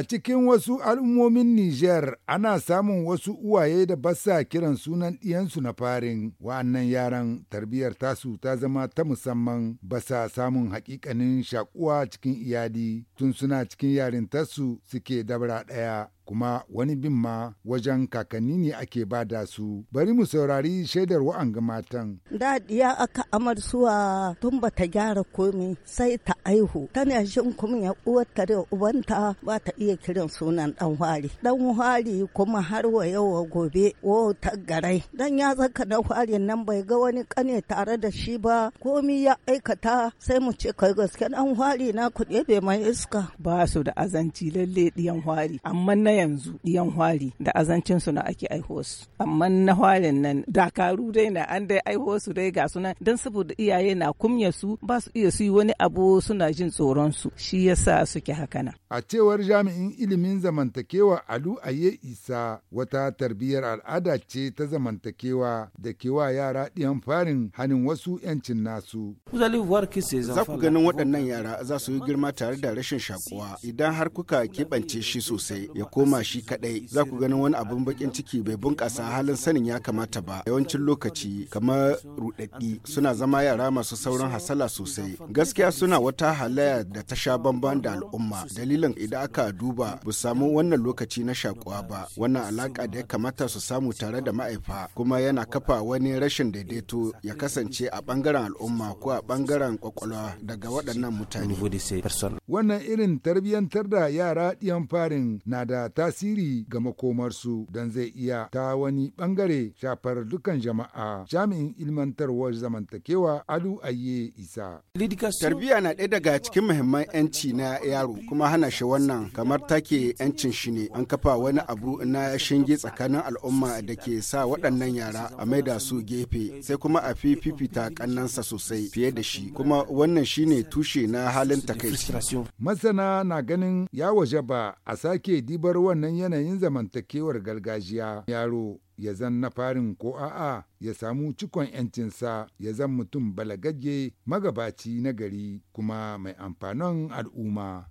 A cikin wasu al'ummomin Nijar ana samun wasu uwaye da basa kiran sunan ɗiyansu na farin wa'annan yaran tarbiyyar tasu ta zama ta musamman basa samun hakikanin shakuwa cikin iyali tun suna cikin yarintarsu suke dabara ɗaya. kuma wani bin ma wajen kakanni ne ake ba da su bari mu saurari shaidar wa'anga matan da ya aka amarsuwa tun bata gyara komi sai ta aihu tana jin kuma ya uwarta da ubanta ba ta iya kiran sunan dan hwari dan hwari kuma har wa yau gobe wo ta garai dan ya zaka dan hwari nan bai ga wani kane tare da shi ba komi ya aikata sai mu ce kai gaske dan hwari na kuɗe bai mai iska ba su da azanci lalle diyan hwari amma na yanzu ɗiyan hwari da azancin su na ake aiho amma na hwarin nan dakaru dai na an dai aiho su dai ga sunan don saboda iyaye na kumya su ba su iya su yi wani abu suna jin tsoron su shi yasa suke haka hakana a cewar jami'in ilimin zamantakewa Alu Aye Isa wata tarbiyyar al'ada ce ta zamantakewa da kewa yara ɗiyan farin hannun wasu 'yancin nasu za ku ganin waɗannan yara za su yi girma tare da rashin shakuwa idan har kuka keɓance shi sosai ya koma shi kadai za ku ganin wani abin bakin ciki bai bunƙasa halin sanin ya kamata ba yawancin lokaci kamar rudaddi suna zama yara masu sauran hasala sosai gaskiya suna wata halaya da ta sha bamban da al'umma dalilin idan aka duba bu samu wannan lokaci na shakuwa ba wannan alaka da ya kamata su samu tare da ma'aifa kuma yana kafa wani rashin daidaito ya kasance a bangaren al'umma ko a bangaren kwakwalwa daga waɗannan mutane wannan irin tarbiyyantar da yara ɗiyan farin na da tasiri ga makomarsu don zai iya ta wani bangare shafar dukan jama'a jami'in ilmantarwar zamantakewa alu ayye isa tarbiyya na ɗaya daga cikin muhimman yanci na yaro kuma hana shi wannan kamar take yancin shi ne an kafa wani abu na shinge tsakanin al'umma da ke sa waɗannan yara a maida su gefe sai kuma a fi fifita kannansa sosai fiye da shi kuma wannan shine tushe na halin takaici masana na ganin ya waje ba a sake dibar wannan yanayin zamantakewar gargajiya yaro ya zan na farin ko a'a ya samu cikon 'yancinsa ya zan mutum balagagge magabaci nagari kuma mai amfanin al'umma.